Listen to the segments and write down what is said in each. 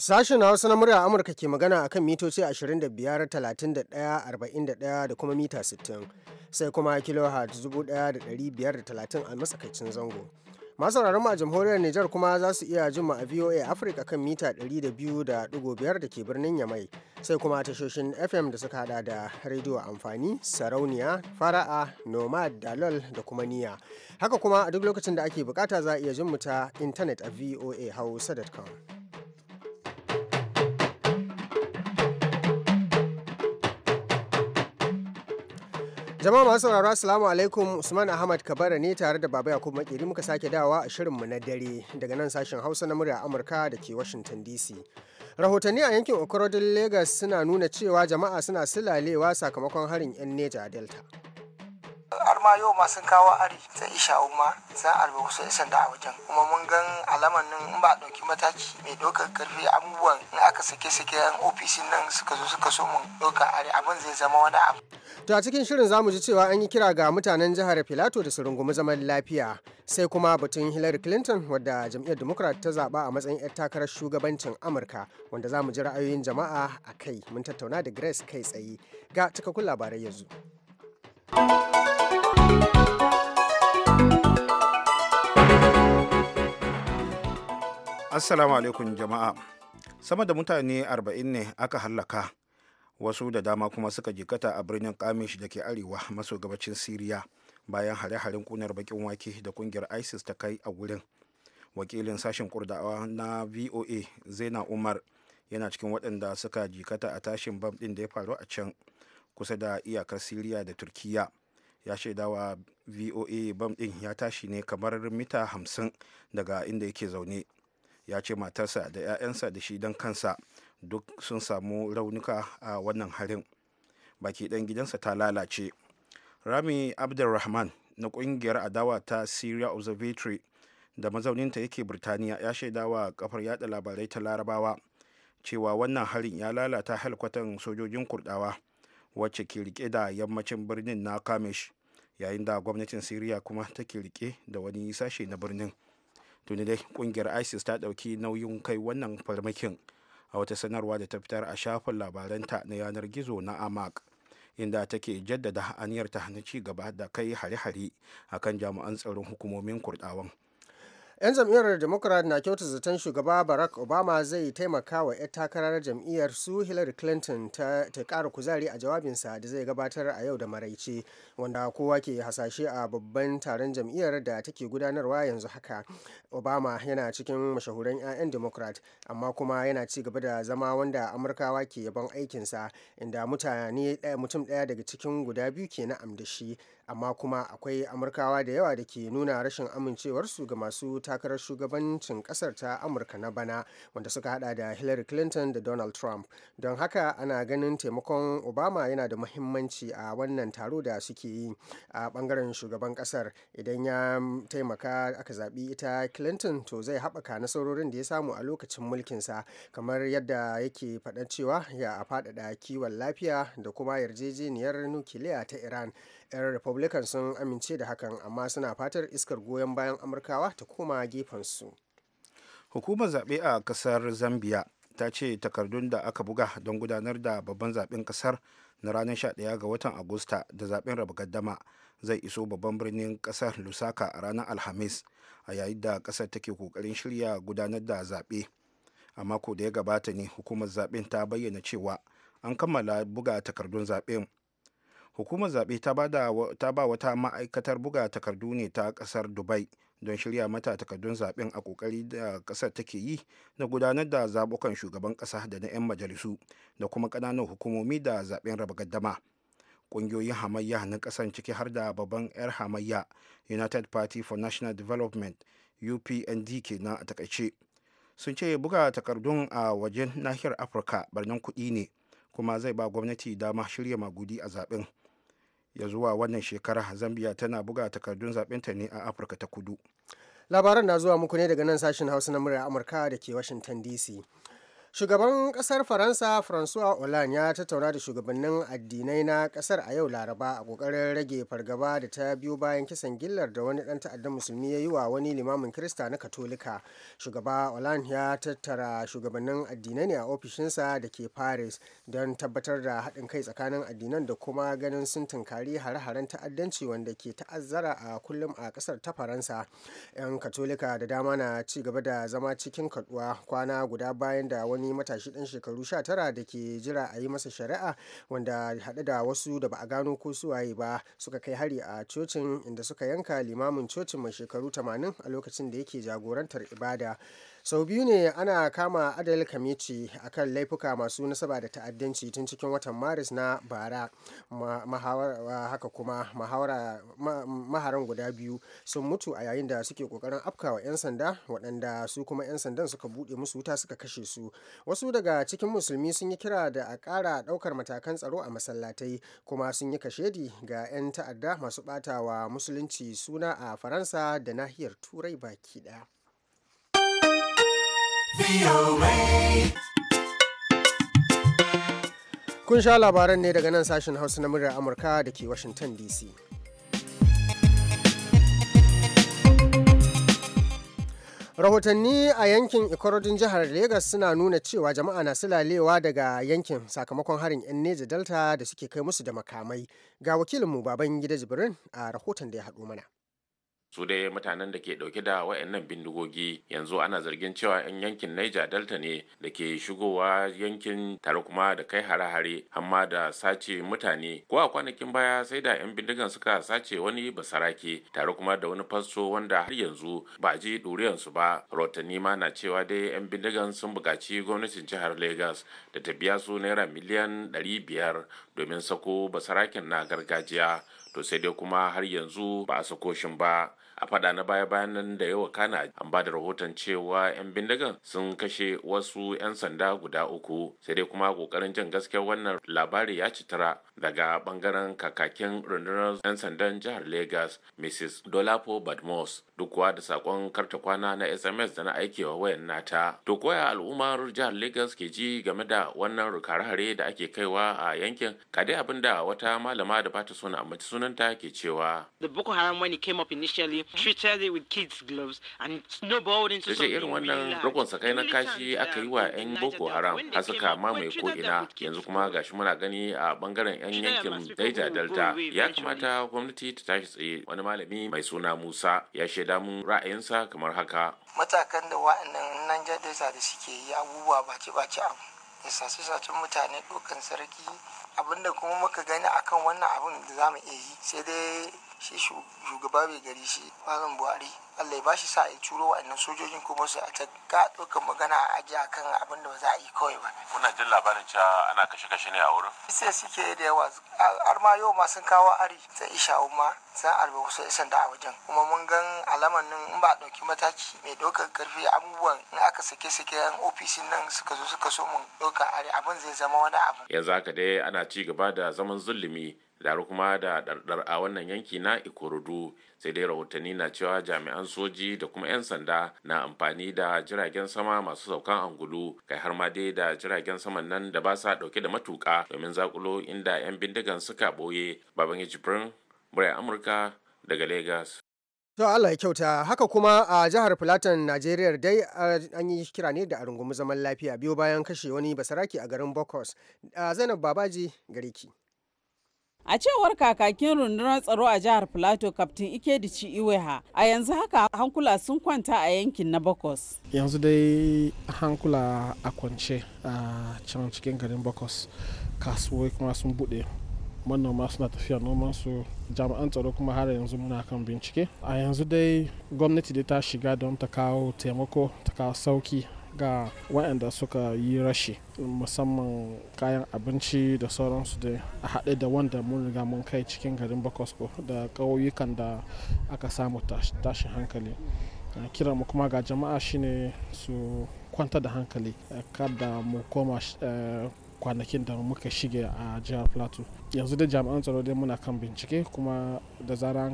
Sashen Hausa na murya Amurka ke magana a kan mitoci 25, 31, 41 da kuma mita 60, sai kuma kilohertz 1530 a matsakaicin zango. Masu a jamhuriyar Nijar kuma za su iya jin a VOA Africa kan mita 200.5 da ke birnin Yamai, sai kuma tashoshin FM da suka hada da rediyo amfani, sarauniya, fara'a, nomad, dalol da kuma niya. Haka kuma a duk lokacin da ake bukata za a iya jin mu ta intanet a voahausa.com. Jama'a masu sauraro Assalamu alaikum Usman Ahmad Kabara ne tare da Baba Yakubu Makeri muka sake dawa a shirin mu na dare daga nan sashen Hausa na murya Amurka da ke Washington DC. Rahotanni a yankin Okorodin Legas suna nuna cewa jama'a suna silalewa sakamakon harin 'yan Neja Delta. har ma yau ma sun kawo ari ta isha umma za a rubu kusa sanda a wajen kuma mun gan alaman nan in ba dauki mataki mai ɗaukar karfi abubuwan in aka sake sake yan ofisin nan suka zo suka so mun ɗaukar ari abin zai zama wani abu. to a cikin shirin zamu ji cewa an yi kira ga mutanen jihar filato da su rungumi zaman lafiya sai kuma batun hillary clinton wadda jam'iyyar democrat ta zaba a matsayin 'yar takarar shugabancin amurka wanda zamu ji ra'ayoyin jama'a a kai mun tattauna da grace kai tsaye ga cikakkun labarai yanzu. Assalamu alaikum jama'a. Sama da mutane 40 ne aka hallaka, wasu da dama kuma suka jikata a birnin Kamish da ke arewa maso gabacin Siriya bayan hare-haren kunar bakin wake da kungiyar ISIS ta kai a wurin. Wakilin sashen kurdawa na VOA Zaina Umar yana cikin waɗanda suka jikata a tashin bam ɗin da ya faru a can. kusa da iyakar siriya da turkiya ya shaidawa voa bam din ya tashi ne kamar mita hamsin daga inda yake zaune ya ce matarsa da 'ya'yansa da shi don kansa duk sun samu raunuka a wannan harin baki ɗan gidansa ta lalace rami abdulrahman na ƙungiyar adawa ta syria observatory da mazauninta yake birtaniya ya shaidawa kafar yada labarai ta larabawa cewa wannan harin ya lalata halkwatan sojojin kurdawa wacce ke rike da yammacin birnin na kamish yayin da gwamnatin siriya kuma take rike da wani sashe na birnin tuni dai kungiyar isis ta dauki nauyin kai wannan farmakin a wata sanarwa da ta fitar a shafin labaranta na yanar gizo na amak inda take jaddada ta na ci gaba da kai hare-hare akan jami'an tsaron hukumomin kurdawan. 'yan jam'iyyar democrat na kyautar zaton shugaba barack obama zai taimaka wa 'yar takarar jam'iyyar su hillary clinton ta, kara kuzari a jawabinsa da zai gabatar a yau da maraice wanda kowa ke hasashe a babban taron jam'iyyar da take gudanarwa yanzu haka obama yana cikin mashahuran 'ya'yan democrat amma kuma yana ci gaba da zama wanda amurkawa ke yaban aikinsa inda mutane mutum ɗaya daga cikin guda biyu ke na'am da shi amma kuma akwai amurkawa da yawa da ke nuna rashin amincewarsu ga masu takarar shugabancin kasar ta amurka na bana wanda suka hada da hillary clinton da donald trump don haka ana ganin taimakon obama yana da muhimmanci a wannan taro da suke yi a bangaren shugaban kasar idan ya taimaka aka zaɓi ita clinton to zai haɓaka nasarorin da ya samu a lokacin mulkinsa kamar yadda yake faɗa cewa ya faɗaɗa kiwon lafiya da kuma yarjejeniyar nukiliya ta iran 'yan republican sun amince da hakan amma suna fatar iskar goyon bayan amurkawa ta koma gefen su. hukumar zaɓe a ƙasar zambia ta ce takardun da aka buga don gudanar da babban zaɓen ƙasar na ranar 11 ga watan agusta da zaɓen raba zai iso babban birnin ƙasar lusaka a ranar alhamis a yayin da ƙasar take ƙoƙarin shirya gudanar da zaɓe a mako da ya gabata ne hukumar zaɓen ta bayyana cewa an kammala buga takardun zaɓen hukumar zaɓe ta ba wata ma'aikatar buga takardu ne ta ƙasar dubai don shirya mata takardun zaɓen a ƙoƙari da ƙasar take yi na gudanar da zaɓukan shugaban ƙasa da na 'yan majalisu da kuma ƙananan hukumomi da zaɓen raba gaddama ƙungiyoyin hamayya na ƙasar ciki har da babban 'yar hamayya united party for national development upnd ke na a takaice sun ce buga takardun a wajen nahiyar afirka barnan kuɗi ne kuma zai ba gwamnati dama shirya magudi a zaɓen ya zuwa wannan shekara zambia tana buga takardun ta ne a afirka ta kudu labaran na zuwa muku ne daga nan sashen hausa na murya amurka da ke washington dc Shugaban kasar Faransa François Hollande ya tattauna da shugabannin addinai na kasar a yau Laraba a kokarin rage fargaba da ta biyo bayan kisan gillar da wani dan ta'addan musulmi ya yi wa wani limamin Kirista na Katolika. Shugaba Hollande ya tattara shugabannin addinai ne a ofishinsa da ke Paris don tabbatar da haɗin kai tsakanin addinan da kuma ganin sun tunkari hare-haren ta'addanci wanda ke ta'azzara a kullum a kasar ta Faransa. 'Yan Katolika da dama na ci gaba da zama cikin kaduwa kwana guda bayan da wani wani matashi dan shekaru 19 da ke jira a yi masa shari'a wanda haɗe da wasu da ba a gano ko suwaye ba suka kai hari a cocin inda suka yanka limamin cocin mai shekaru 80 a lokacin da yake jagorantar ibada sau biyu ne ana kama adal kamici a kan laifuka masu nasaba da ta'addanci tun cikin watan maris na bara haka kuma maharan guda biyu sun mutu a yayin da suke kokarin afkawa 'yan sanda waɗanda su kuma 'yan sandan suka buɗe musu wuta suka kashe su wasu daga cikin musulmi sun yi kira da a ƙara ɗaukar matakan tsaro a masallatai kuma sun yi kashedi ga 'yan ta'adda masu ɓatawa musulunci suna a faransa da nahiyar turai baki ɗaya. Kun sha labaran ne daga nan sashen Hausa na muryar Amurka da ke Washington DC. rahotanni a yankin ikorodin jihar Legas suna nuna cewa jama'a na silalewa daga yankin sakamakon harin 'yan neja delta da suke kai musu da makamai ga wakilinmu baban gida jibirin a rahoton da ya haɗu mana su dai mutanen da ke dauke da wayannan bindigogi yanzu ana zargin cewa yan yankin Niger Delta ne da ke shigowa yankin tare kuma da kai hare-hare amma da sace mutane ko a kwanakin baya sai da yan bindigan suka sace wani basarake tare kuma da wani fasto wanda har yanzu ba ji ji su ba rotani ma na cewa dai yan bindigan sun buƙaci gwamnatin jihar Lagos da ta biya su naira miliyan 500 domin sako basaraken na gargajiya to sai dai kuma har yanzu ba a sako shin ba a fada na baya-bayan nan da yawa kana an ba da rahoton cewa 'yan bindigan sun kashe wasu 'yan sanda guda uku sai dai kuma kokarin jin gaskiyar wannan labari ya citara daga bangaren kakakin rundunar 'yan sandan jihar lagos mrs dolapo badmus. duk kuwa da sakon karta kwana na sms da na aikewa wayan nata to koya al'ummar jihar lagos ke ji game da wannan rukare-hare da ake kaiwa a yankin ka dai abin da wata malama da bata suna ambaci sunanta ke cewa the boko haram when it came up initially treated it with kids gloves and snowballed into something irin wannan rukun sakai na kashi aka yi wa yan boko haram har suka mamaye ko ina yanzu kuma gashi muna gani a bangaren yan yankin daija delta ya kamata gwamnati ta tashi tsaye wani malami mai suna musa ya shaida damun ra'ayinsa kamar haka matakan da wa'annan nan jadisa da suke yi abubuwa bace-bace abu da sace mutane dokan sarki abinda kuma muka gani akan wannan abin da za mu iya yi sai dai shi shugaba bai gari shi zan buhari Allah ya bashi sa a ciro wa'annan sojojin kuma su a ta ga dukkan magana a aji a kan abin da ba za a yi kawai ba. Kuna jin labarin cewa ana kashe-kashe ne a wurin? Sai suke da yawa har ma yau ma sun kawo ari ta isha ma san alba kusa isan da a wajen kuma mun gan alaman nan in ba ɗauki mataki mai ɗaukar karfi abubuwan in aka sake-sake yan ofishin nan suka zo suka so mun ɗaukar ari abin zai zama wani abu. Yanzu haka dai ana ci gaba da zaman zulumi da kuma da ɗarɗar a wannan yanki na Ikorodu sai dai rahotanni na cewa jami'an soji da kuma 'yan sanda na amfani da jiragen sama masu saukan angulu kai har ma dai da jiragen saman nan da ba sa dauke da matuka domin zakulo inda 'yan bindigan suka boye baban jibrin muryar amurka daga lagos To Allah ya kyauta haka kuma a jihar Filatan Najeriya dai an yi kira ne da a rungumi zaman lafiya biyo bayan kashe wani basaraki a garin Bokos. Zainab Babaji gare ki. A cewar kakakin rundunar tsaro a jihar Filato Kaftin Ikedici Iweha, a yanzu haka hankula sun kwanta a yankin na bakos. Yanzu dai hankula a kwance a can cikin garin bakos kasuwai kuma sun buɗe. manoma suna tafiya noman su jami'an tsaro kuma har yanzu muna kan bincike a yanzu dai gwamnati dai ta shiga don ta kawo taimako ta kawo sauki ga waɗanda suka yi rashi musamman kayan abinci da sauransu dai a haɗe da wanda mun riga mun kai cikin garin bakosko da ƙauyukan da aka samu tashin hankali kiran mu kuma ga jama'a shine su kwanta da hankali eh, kada mu koma eh, kwanakin da muka shige a jihar plateau yanzu da jami'an tsaro dai muna kan bincike kuma da zara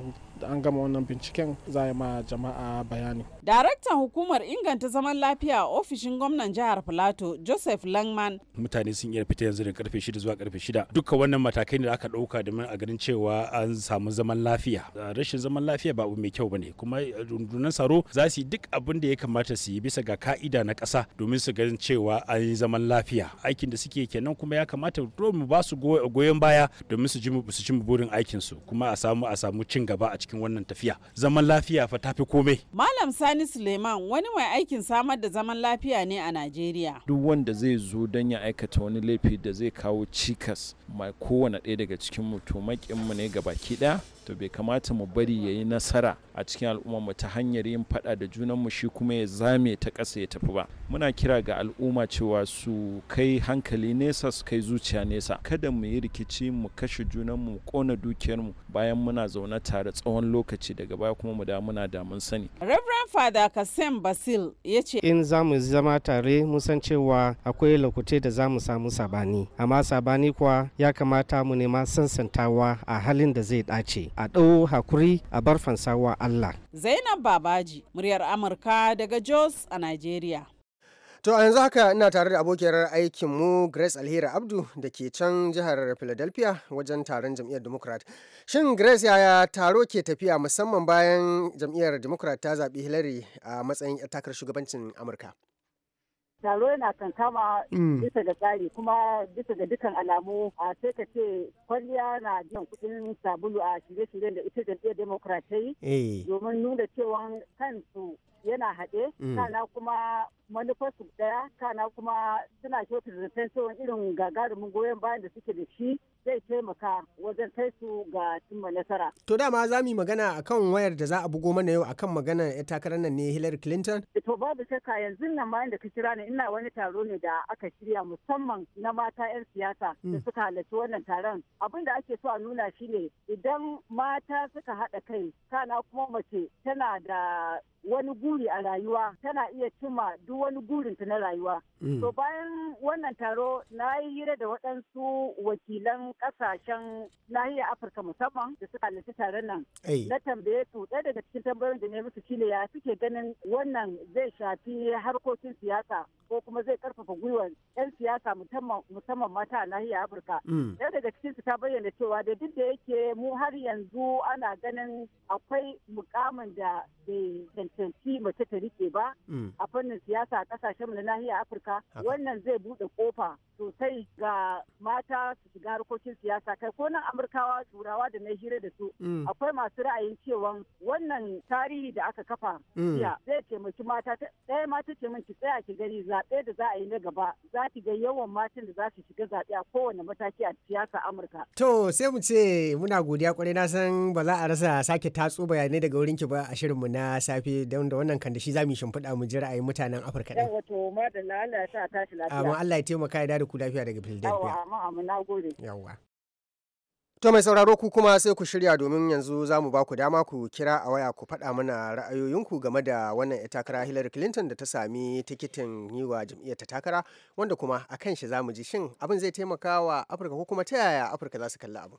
an gama wannan binciken za a yi ma jama'a bayani. Daraktan hukumar inganta zaman lafiya a ofishin gwamnan jihar Filato Joseph Langman. Mutane sun iya fita yanzu da karfe shida zuwa karfe shida Duka wannan matakai ne da aka ɗauka domin a ganin cewa an samu zaman lafiya. Rashin zaman lafiya ba mai kyau ba ne kuma rundunar tsaro za su yi duk abin da ya kamata su yi bisa ga ka'ida na ƙasa domin su ganin cewa an yi zaman lafiya. Aikin da suke kenan kuma ya kamata mu ba su goyon baya domin su su cimma burin aikinsu kuma a samu a samu cin gaba a cikin wannan tafiya zaman lafiya fa tafi komai malam sani suleiman wani mai aikin samar da zaman lafiya ne a najeriya duk wanda zai zo don ya aikata wani laifi da zai kawo cikas mai kowane ɗaya daga cikin mu to mu ne gabaki ɗaya to bai kamata mu bari ya yi nasara a cikin mu ta hanyar yin faɗa da junanmu shi kuma ya zame ta ƙasa ya tafi ba muna kira ga al'umma cewa su kai hankali nesa su kai zuciya nesa kada mu yi rikici mu kashe junanmu mu ƙona dukiyarmu bayan muna zaune tare tsawon lokaci daga baya kuma mu da muna da mun sani Reverend Father Kasim Basil ya ce in za mu zama tare mu san cewa akwai lokutai da za mu samu sabani amma sabani kuwa ya kamata mu nema sansantawa a halin da zai dace a ɗau hakuri a bar fansawa Allah. Zainab Babaji, muryar Amurka daga Jos a Najeriya. To a yanzu haka ina tare da abokiyar aikinmu Grace Alhira Abdu da ke can jihar Philadelphia wajen taron jam'iyyar Democrat. Shin Grace yaya taro ke tafiya musamman bayan jam'iyyar Democrat ta zaɓi Hillary a matsayin takarar shugabancin Amurka? taro yana kankama mm. bisa da tsari kuma bisa ga dukan alamu a sai ka ce kwalliya na biyan kudin sabulu a shirye-shiryen da ita jam'iyyar demokrat ta eh. domin nuna cewa kansu yana haɗe mm. sannan kuma manufarsu daya kana kuma suna kyautar da so irin gagarumin goyon bayan da suke da shi zai taimaka wajen kai su ga cimma nasara. To dama za mu yi magana akan wayar da za a bugo mana yau akan magana ya takarar nan ne Hillary Clinton? Eh, to babu shakka yanzu nan bayan da ka kira ni ina wani taro ne da aka shirya musamman na mata 'yan siyasa mm. da suka halarci wannan taron. Abin da ake so a nuna shine idan mata suka haɗa kai kana kuma mace tana da wani guri a rayuwa tana iya cimma duk duk wani gurinta na rayuwa. Mm. To bayan wannan taro na yi hira da waɗansu wakilan ƙasashen nahiyar Afirka musamman da suka halarci taron nan. Na tambaye su ɗaya daga cikin tambayoyin da ne musu shine ya suke ganin wannan zai shafi harkokin siyasa ko kuma zai karfafa gwiwar 'yan siyasa musamman mata a nahiyar Afirka. Mm. Ɗaya daga cikin su ta bayyana cewa da duk da yake mu har yanzu ana ganin akwai mukamin da bai cancanci mace ta rike ba mm. a fannin siyasa siyasa a kasashen na nahiyar Afirka wannan zai bude kofa sosai ga mata su shiga harkokin siyasa kai ko nan Amurkawa turawa da na hira da su mm. akwai masu ra'ayin cewa wannan tarihi da aka kafa mm. zai taimaki mata ɗaya mata ce min ki tsaya ki gani zaɓe da za a yi na gaba za ki ga yawan matan da za su shiga zaɓe a kowane mataki a siyasa Amurka. To sai mu ce muna godiya kwarai na san ba za a rasa sake tatso bayanai daga wurin ki ba a shirinmu na safe don da wannan kan da shi za mu shimfiɗa mu ji ra'ayin mutanen Afirka. Afirka wato Yawa to madalla Allah ya sa tashi lafiya. Amma Allah ya taimaka ya dada ku lafiya daga Philadelphia. Yawa amma amma na gode. To mai sauraro ku kuma sai ku shirya domin yanzu za mu ba ku dama ku kira a waya ku faɗa mana ra'ayoyinku game da wannan ita takara Hillary Clinton da ta sami tikitin yi wa jam'iyyar ta takara wanda kuma a kan shi za mu ji shin abin zai taimaka wa Afirka ko kuma ta yaya Afirka za su kalli abin.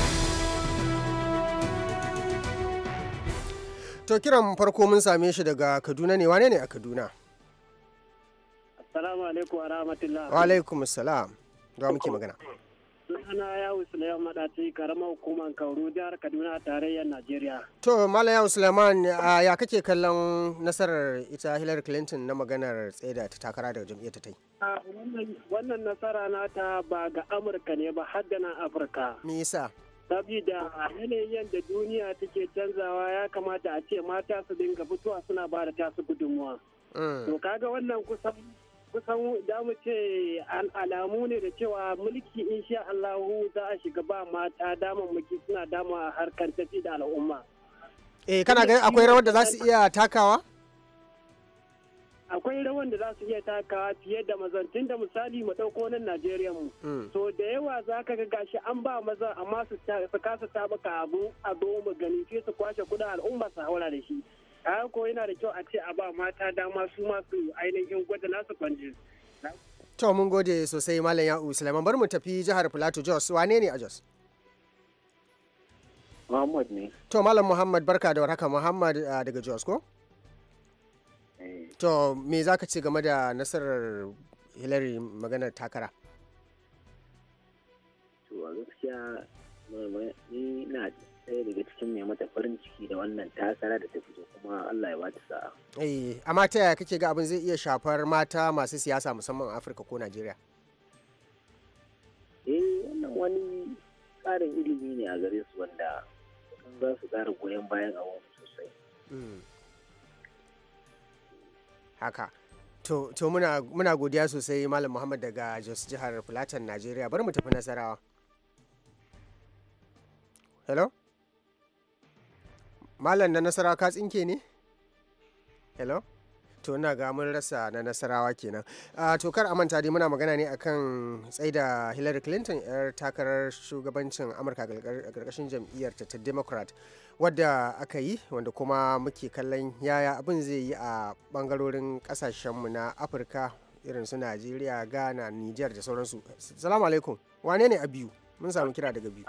To kiran farko mun same shi daga Kaduna ne wane ne a Kaduna? Assalamu alaikum wa rahmatullah. Wa alaikum assalam. Ga muke magana. Sunana Yawu Sulaiman Madaci karamar hukumar Kauru jihar Kaduna tarayyar Najeriya. To Malam Yawu Suleiman ya kake kallon nasarar ita Hillary Clinton na maganar tsaida ta takara daga jam'iyyar ta yi? Wannan nasara nata ba ga Amurka ne ba har da na Afirka. Me yasa? sabida yanayin yadda duniya take canzawa ya kamata a ce mata su dinga fitowa suna ba da tasu gudunmuwa mm. to kaga wannan kusan kusan da ce alamu ne da cewa mulki insha Allahu za a shiga ba mata damammaki suna dama harkar tafi da al'umma eh kana ganin akwai rawar da za su iya takawa akwai rawan da za su iya takawa fiye da mazan tun da misali mu ɗauko nan Najeriya mu. Hmm. So da yawa za ka ga gashi an ba maza amma su kasa tabaka abu a goma gani sai su kwashe kudin al'umma su haura da shi. A ko yana da kyau a ce a ba mata dama su masu ainihin gwada nasu kwanji. To mun gode sosai Malam Ya'u Sulaiman bar mu tafi jihar Plateau Jos wane ne a Jos? Muhammad ne. To Malam Muhammad barka da warhaka Muhammad ah, daga Jos ko? to me za ka ce game da nasarar hillary maganar takara to a gaskiya ni na ɗaya daga cikin mai mata farin ciki da wannan takara da ta fito kuma Allah ya ba ta sa'a. Eh, amma ta yaya kake ga abin zai iya shafar mata masu siyasa musamman a Afirka ko Najeriya? Eh, wannan wani karin ilimi ne a gare su wanda za su ƙara goyon bayan awon sosai. Hmm. haka to, muna, godiya sosai malam muhammad daga jos jihar filatan najeriya bari mu tafi nasarawa hello malam na nasarawa ka tsinke ne hello to ina ga mun rasa na nasarawa kenan a tokar amanta manta dai muna magana ne akan tsaida hillary clinton yar takarar shugabancin amurka a ƙarƙashin jam'iyyar ta democrat wadda aka yi wanda kuma muke kallon yaya abin zai yi a ɓangarorin ƙasashenmu na afirka irin su najeriya ghana niger da sauransu salamu alaikum wane ne a biyu mun samu kira daga biyu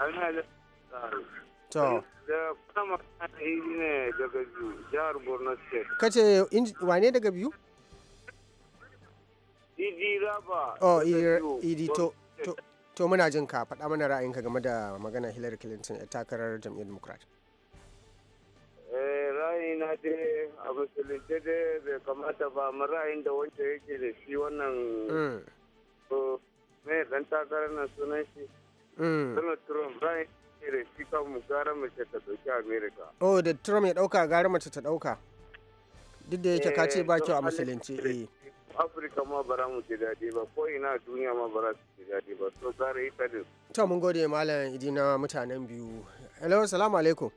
To. Da kama ne daga biyu jihar Borno State. Kace wane daga biyu? Idi e Raba. Oh, Idi e e to. To muna jin ka faɗa mana ra'ayinka game da magana Hillary Clinton a eh, takarar jam'iyyar Democrat. Eh, ra'ayina dai a musulunce dai bai kamata ba amma ra'ayin da wanda yake da shi wannan mai mm. dan takarar nan sunan shi. Mm. Donald Trump ra'ayin ce da shi kanmu gara mace ta dauki amerika oh da trump ya dauka gara mace ta dauka duk da yake ka ce ba kyau a eh, musulunci eh afirka ma ba za mu ji daɗi ba ko ina duniya ma ba za su ji daɗi ba to gara ita din to mun gode malam idina mutanen biyu hello assalamu alaikum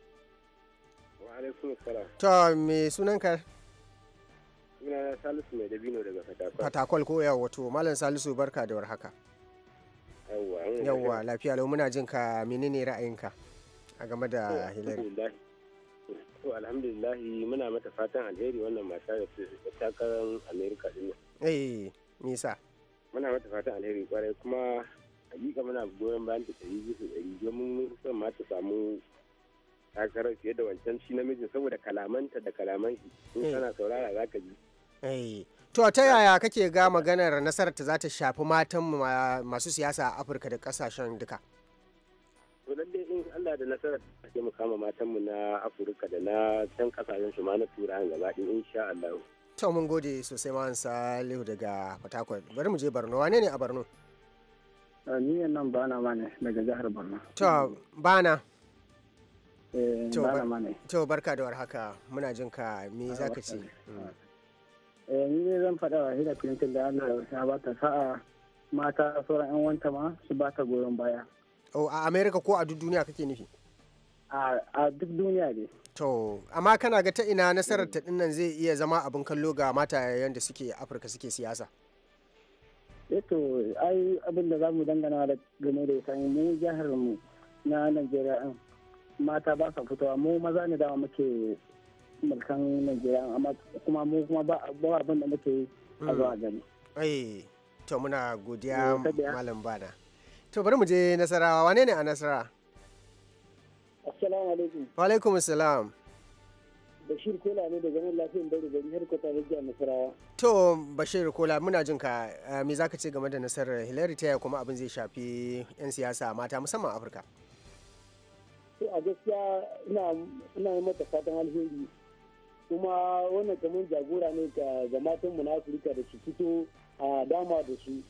wa alaikum assalam to me sunan ka sunana salisu mai dabino daga fatakol fatakwal ko yawa wato malam salisu barka da warhaka haka yawwa lafiya lau muna jin ka menene ra'ayinka a game da oh, hillary to oh, alhamdulillah muna mata fatan alheri wannan mata da takarar america din eh nisa muna mata fatan alheri kwarai kuma hakika muna goyon bayan ta ɗari bisa ɗari domin mun son ma ta samu takarar fiye da wancan shi namijin saboda kalamanta da kalaman shi in eh. kana saurara za ka ji eh, To ta yaya kake ga maganar nasarar ta za ta shafi matan masu siyasa a Afirka da kasashen duka? To lalle in Allah da nasarar ta ke matan matanmu na Afirka da na can kasashen su ma na Turai gaba ɗaya insha Allah. To mun gode sosai ma Salihu daga Fatakwal. Bari mu je Borno. Wane ne a Borno? Ni nan bana ma ne daga jihar Borno. To bana. Eh, to barka da warhaka muna jin ka me zaka ce? Eh, ni ne zan faɗa wa hira clinton da allah ya ba ta sa'a mata sauran yan wanta ma su ba ta goyon baya oh, a Amerika ko a duk duniya kake nufi a duk duniya ne to amma kana ga ta ina nasarar ta dinnan zai iya zama abin kallo ga mata yadda suke afirka suke siyasa eto eh ai abin da za mu dangana da game da ita mu jihar mu na najeriya mata ba sa fitowa mu maza ne dama muke mulkan Najeriya amma kuma mu kuma ba abin da muke yi a hmm. zuwa gani. Ai, to muna godiya eh, malam bana. To bari mu je Nasarawa wane ne a Nasara? Assalamu alaikum. Wa alaikum assalam. Bashir Kola ne da nan lafiyan bari bari har kwata da jiya Nasarawa. To Bashir Kola muna jin ka eh, me za ka ce game da nasarar Hillary ta kuma abin zai shafi 'yan siyasa mata musamman Afirka. To a gaskiya ina yi mata fatan alheri kuma wannan kamar jagora ne ga matan mu na afirka da su fito a dama da su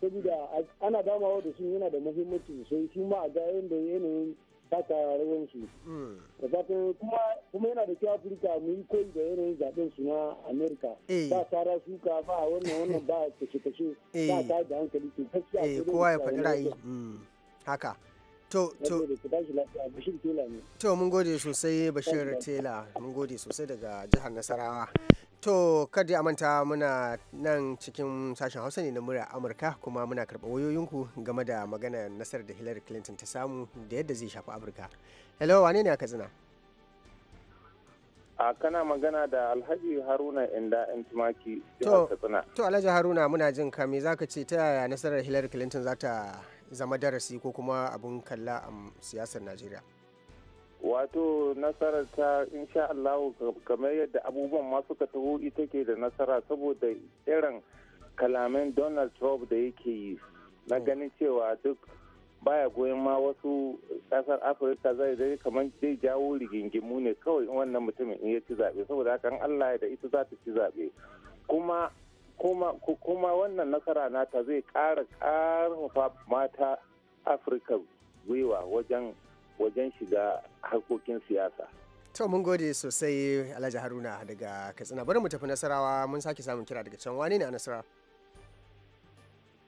saboda ana damawa da su yana da muhimmanci sosai su ma a ga yadda yanayin taka rawar su kuma yana da kyau afirka mu yi koyi da yanayin zaben su na amerika eh. ba tsara suka ba wannan wannan ba kashe kashe eh. ba ta da hankali ke eh, gaskiya kowa ya faɗi ra'ayi hmm. haka To, to. To, mun gode sosai Bashir Tela, mun gode sosai daga jihar Nasarawa. To, kada a manta muna nan cikin sashen Hausa ne na murya Amurka kuma muna karɓa wayoyinku game da magana nasarar da Hillary Clinton ta samu da yadda zai shafi Amurka. Hello, wane ne aka zina? a kana magana da alhaji haruna inda yan tumaki to, to alhaji haruna muna jin ka me zaka ce ta yaya nasarar hillary clinton za ta zama darasi ko kuma abun kalla a siyasar najeriya wato nasarar ta insha Allah kamar yadda abubuwan ma suka taho ita ke da nasara saboda irin kalamin donald trump da yake yi na hmm. ganin cewa duk baya goyon ma wasu kasar afirka zai dai kamar zai jawo rigingimu ne kawai wannan mutumin in ya ci zaɓe saboda hakan allah ya da ita za ta ci zaɓe kuma kuma wannan nasara nata zai kara ƙarfafa mata afirka gwiwa wajen wajen shiga harkokin siyasa to mun gode sosai alhaji haruna daga katsina bari mu tafi nasarawa mun sake samun kira daga can wani ne a nasara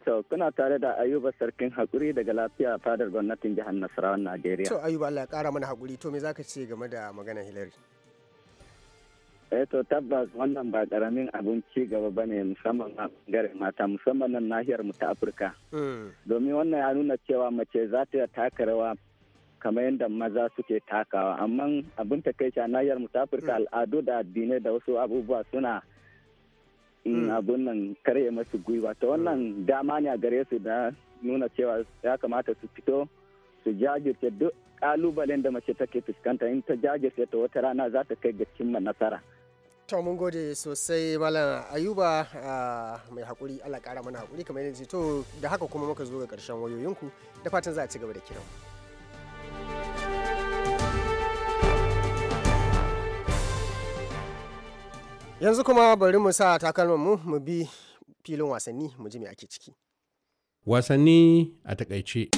to kuna tare da ayuba sarkin hakuri daga lafiya fadar gwamnatin jihar nasarawan najeriya to ayuba allah ya kara mana hakuri to me zaka ce game da maganar hillary eh to tabbas wannan ba karamin abin ci gaba ba ne musamman a bangaren mata musamman nan nahiyar mu ta afirka hmm. domin wannan ya nuna cewa mace za ta taka rawa kamar yadda maza suke takawa amma abin ta kai a nahiyar mu ta afirka hmm. al'adu da addinai da wasu abubuwa suna hmm. abun nan karya masu gwiwa to wannan dama ne a gare su da nuna cewa ya kamata su fito su jajirce duk kalubalen da mace take fuskanta in ta jajirce ta wata rana za ta kai ga cimma nasara to mun gode sosai malam ayuba mai hakuri allah kara mana hakuri kamar yanzu to da haka kuma muka zo ga karshen wayoyinku da fatan za a ci gaba da kiran yanzu kuma bari mu sa takalmanmu mu bi filin wasanni mu ji me ake ciki wasanni a takaice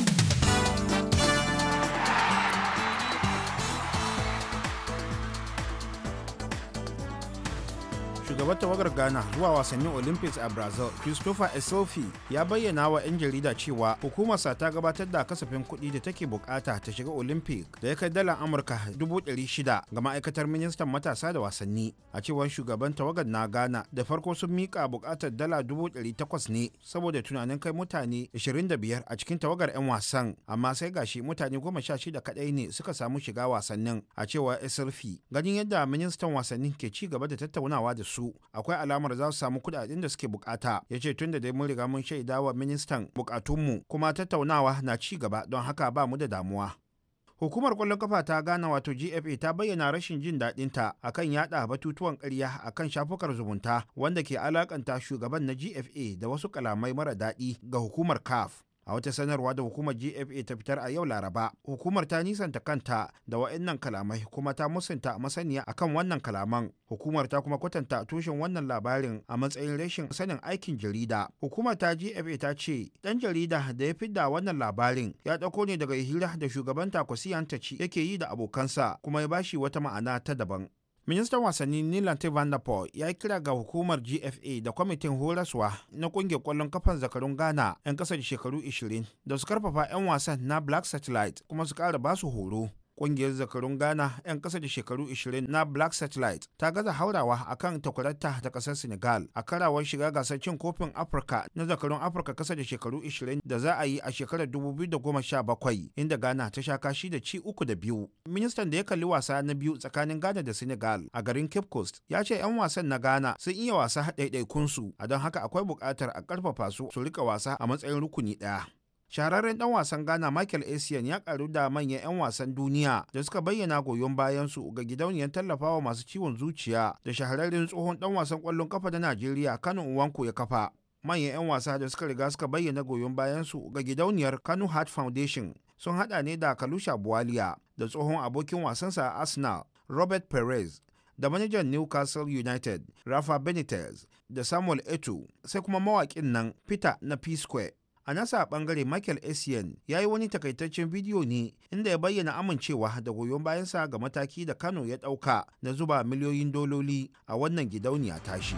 shugaban tawagar ghana zuwa wasannin olympics a brazil christopher esofi ya bayyana wa 'yan jarida cewa hukumarsa ta gabatar da kasafin kuɗi da take bukata ta shiga olympic da ya kai dalar amurka 600 ga ma'aikatar ministan matasa da wasanni a cewar shugaban tawagar na ghana da farko sun mika bukatar dala 800 ne saboda tunanin kai mutane 25 a cikin tawagar 'yan wasan amma sai gashi mutane 16 kadai ne suka samu shiga wasannin a cewar esofi ganin yadda ministan wasannin ke ci gaba da tattaunawa da su akwai alamar za su samu kudaden da suke bukata ya ce tun da dai mun riga mun shaida wa ministan bukatunmu kuma tattaunawa na ci gaba don haka ba mu da damuwa hukumar kwallon kafa ta gana wato gfa ta bayyana rashin jin daɗinta akan yada batutuwan ƙarya akan shafukar zumunta wanda ke alakanta shugaban na gfa da wasu kalamai mara daɗi ga hukumar caf a wata sanarwa da hukumar gfa ta fitar a yau laraba hukumar ta nisanta kanta da wa'annan kalamai kuma ta musanta masaniya a kan wannan kalaman hukumar ta kuma kwatanta tushen wannan labarin a matsayin rashin sanin aikin jarida hukumar ta gfa ta ce dan jarida da ya fidda wannan labarin ya ɗauko ne daga hira da shugaban takwasi ci yake yi da abokansa kuma ya bashi wata ma'ana ta daban ministan wasanni nilan van ya kira ga hukumar gfa da kwamitin horaswa na kungiyar kwallon kafan zakarun ghana 'yan kasar shekaru 20 da su karfafa 'yan wasan na black satellite kuma su kara basu horo Ƙungiyar zakarun Ghana 'yan kasa da shekaru 20 na Black Satellite ta gaza haurawa a kan takwararta ta kasar Senegal a karawar shiga gasar cin kofin Afirka na zakarun Afirka kasa da shekaru 20 da za a yi a shekarar 2017 inda Ghana ta sha kashi da ci uku da biyu. Ministan da ya kalli wasa na biyu tsakanin Ghana da Senegal a garin Cape Coast ya ce 'yan wasan na Ghana sun iya wasa haɗaiɗaikunsu a don haka akwai bukatar a ƙarfafa su su rika wasa a matsayin rukuni ɗaya. shahararren dan wasan ghana michael essien ya karu da manyan 'yan wasan duniya da suka bayyana goyon bayansu ga gidauniyar tallafawa masu ciwon zuciya da shahararren tsohon dan wasan kwallon kafa na najeriya kano uwanko ya kafa manyan 'yan wasa da suka riga suka bayyana goyon bayansu ga gidauniyar kano heart foundation sun hada ne da kalusha buwaliya da tsohon abokin wasansa arsenal robert perez da manajan newcastle united rafa benitez da samuel eto sai kuma mawakin nan peter na p square a nasa bangare michael essien ya yi wani takaitaccen bidiyo ne inda ya bayyana amincewa da goyon bayansa ga mataki da kano ya ɗauka na zuba miliyoyin dololi a wannan gidauniya tashi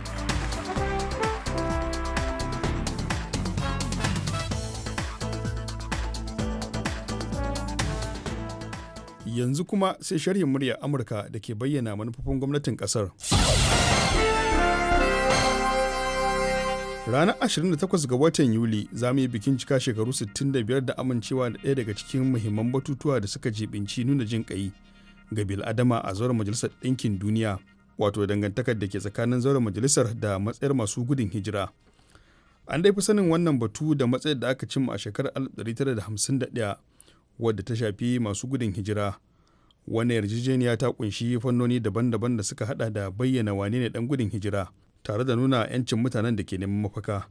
yanzu kuma sai sharhin murya amurka da ke bayyana manufofin gwamnatin kasar. Ranar 28 ga watan Yuli za mu yi bikin cika shekaru 65 da amincewa da ɗaya daga cikin muhimman batutuwa da suka jibinci nuna jin ƙai ga bil'adama a zauren Majalisar Ɗinkin Duniya, wato dangantakar da ke tsakanin zauren majalisar da matsayar masu gudun hijira. An dai fi sanin wannan batu da matsayar da aka cimma a shekarar 1951 wadda ta shafi masu gudun hijira. Wannan yarjejeniya ta kunshi fannoni daban-daban da suka hada da bayyana wane ne ɗan gudun hijira. tare da nuna 'yancin mutanen da ke neman mafaka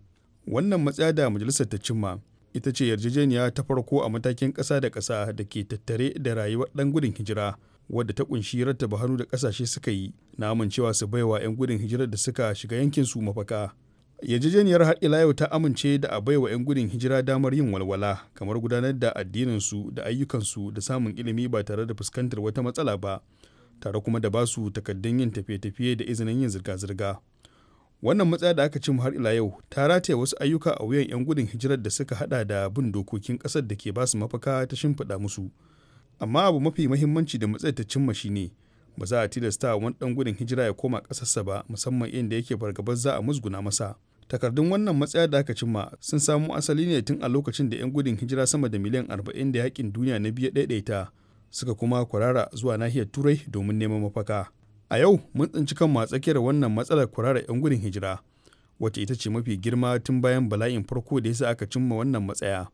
wannan matsaya da majalisar ta cimma ita ce yarjejeniya ta farko a matakin ƙasa da ƙasa da ke tattare da rayuwar ɗan gudun hijira wadda ta kunshi rattaba hannu da ƙasashe suka yi na amincewa su baiwa 'yan gudun hijirar da suka shiga yankin su mafaka yarjejeniyar har ila yau ta amince da a baiwa 'yan gudun hijira damar yin walwala kamar gudanar da addinin su da ayyukansu da samun ilimi ba tare da fuskantar wata matsala ba tare kuma da ba su takaddun yin tafiye-tafiye da izinin yin zirga-zirga wannan matsaya da aka cimma har ila yau ta rataye wasu ayyuka a wuyan 'yan gudun hijirar da suka hada da bin dokokin kasar da ke ba su mafaka ta shimfiɗa musu amma abu mafi mahimmanci da matsayar ta cimma shine ba za a tilasta wani dan gudun hijira ya koma ƙasarsa ba musamman inda yake fargabar za a musguna masa takardun wannan matsaya da aka cimma sun samo asali ne tun a lokacin da 'yan gudun hijira sama da miliyan 40 da yakin duniya na biyu ɗaiɗaita suka kuma kwarara zuwa nahiyar turai domin neman mafaka a yau mun tsinci kanmu a tsakiyar wannan matsalar kurara 'yan gudun hijira wacce ita ce mafi girma tun bayan bala'in farko da ya sa aka cimma wannan matsaya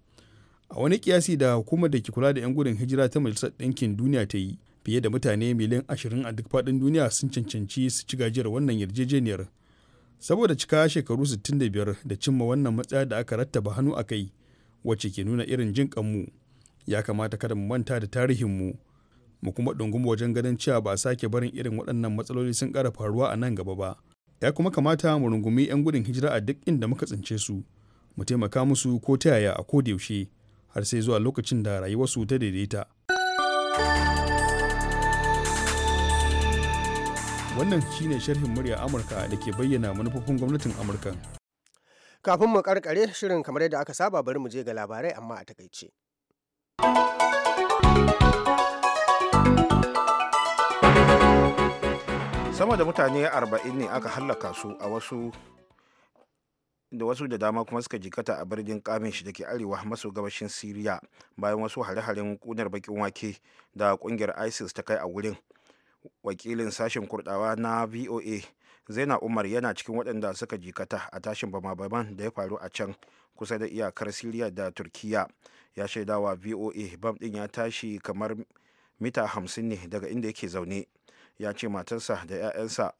a wani kiyasi da hukumar da ke kula da 'yan gudun hijira ta majalisar ɗinkin duniya ta yi fiye da mutane miliyan ashirin a duk faɗin duniya sun cancanci su ci gajiyar wannan yarjejeniyar saboda cika shekaru 65 da cimma wannan matsaya da aka rattaba hannu a kai wacce ke nuna irin jin kanmu ya kamata kada mu manta da tarihinmu mu kuma dungumu wajen ganin cewa ba sake barin irin waɗannan matsaloli sun ƙara faruwa a nan gaba ba ya kuma kamata mu rungumi 'yan gudun hijira a duk inda muka tsince su mu taimaka musu ko ta yaya a yaushe har sai zuwa lokacin da rayuwarsu ta daidaita wannan shine sharhin murya amurka da ke bayyana manufofin gwamnatin amurka kafin mu karkare shirin kamar yadda aka saba bari mu je ga labarai amma a takaice sama da mutane 40 ne aka hallaka su a wasu da wasu da dama kuma suka jikata a birnin kamish da ke arewa maso gabashin siriya bayan wasu hare-haren kunar bakin wake da kungiyar isis ta kai a wurin wakilin sashen kurdawa na voa zaina umar yana cikin waɗanda suka jikata a tashin bama-baman da ya faru a can kusa da iyakar siriya da turkiya ya shaidawa voa bam ɗin ya tashi kamar mita hamsin ne daga inda yake zaune ya ce matarsa da 'ya'yansa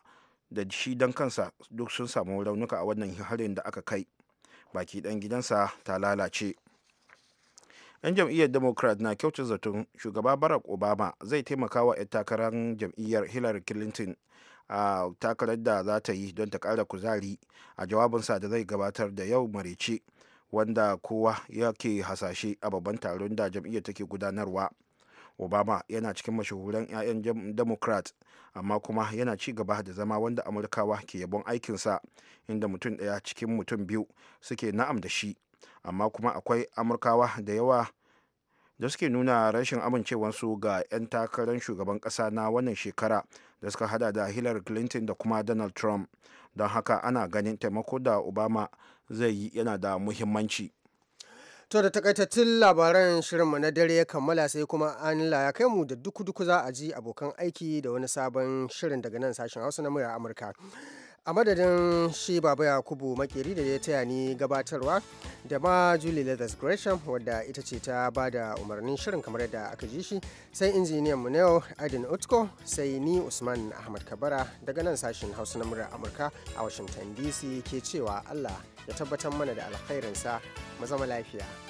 da shi don kansa duk sun samu raunuka a wannan harin da aka kai baki dan gidansa ta lalace 'yan jam'iyyar democrat na kyautar zaton shugaba barack obama zai taimaka wa 'yan takarar jam'iyyar hillary clinton a takarar da za ta yi don ta kara kuzari a jawabinsa da zai gabatar da yau marece wanda kowa yake hasashe a babban taron da jam'iyyar take gudanarwa obama yana cikin mashahuran 'ya'yan democrat amma kuma yana ci gaba da zama wanda amurkawa ke yabon aikinsa inda mutum ɗaya cikin mutum biyu suke na'am da shi amma kuma akwai amurkawa da yawa da suke nuna rashin amincewarsu ga 'yan takarar shugaban ƙasa na wannan shekara da suka hada da hillary clinton da kuma donald trump don haka ana ganin taimako da obama zai yi yana da muhimmanci. To da takaitattun labaran shirinmu na dare ya kammala sai kuma an ya kai mu da duku-duku za a ji abokan aiki da wani sabon shirin daga nan sashen Hausa na murya Amurka. a madadin shi baba yakubu makeri da ya taya ni gabatarwa da ma julie leathers gresham wadda ita ce ta ba da umarnin shirin kamar yadda aka ji shi sai injiniyan mu na yau adin utko sai ni usman ahmad kabara daga nan sashen hausa na murya amurka a washington dc ke cewa allah ya tabbatar mana da alkhairinsa mu zama lafiya